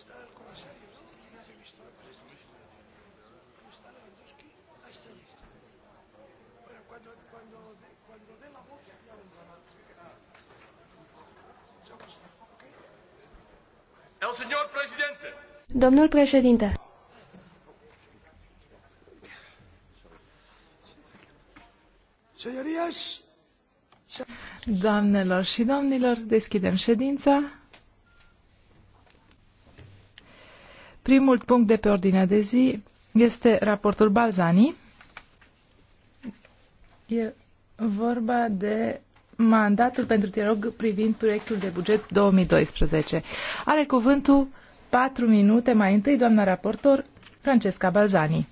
está el comisario? ¿Quién ha visto ¿Cómo está Lewandowski? Ahí está allí. Bueno, cuando, cuando, cuando dé la voz ya vendrá El señor presidente. Domnul președinte. Señorías, Doamnelor și domnilor, deschidem ședința. Primul punct de pe ordinea de zi este raportul Balzani. E vorba de mandatul pentru dialog privind proiectul de buget 2012. Are cuvântul patru minute mai întâi doamna raportor Francesca Balzani.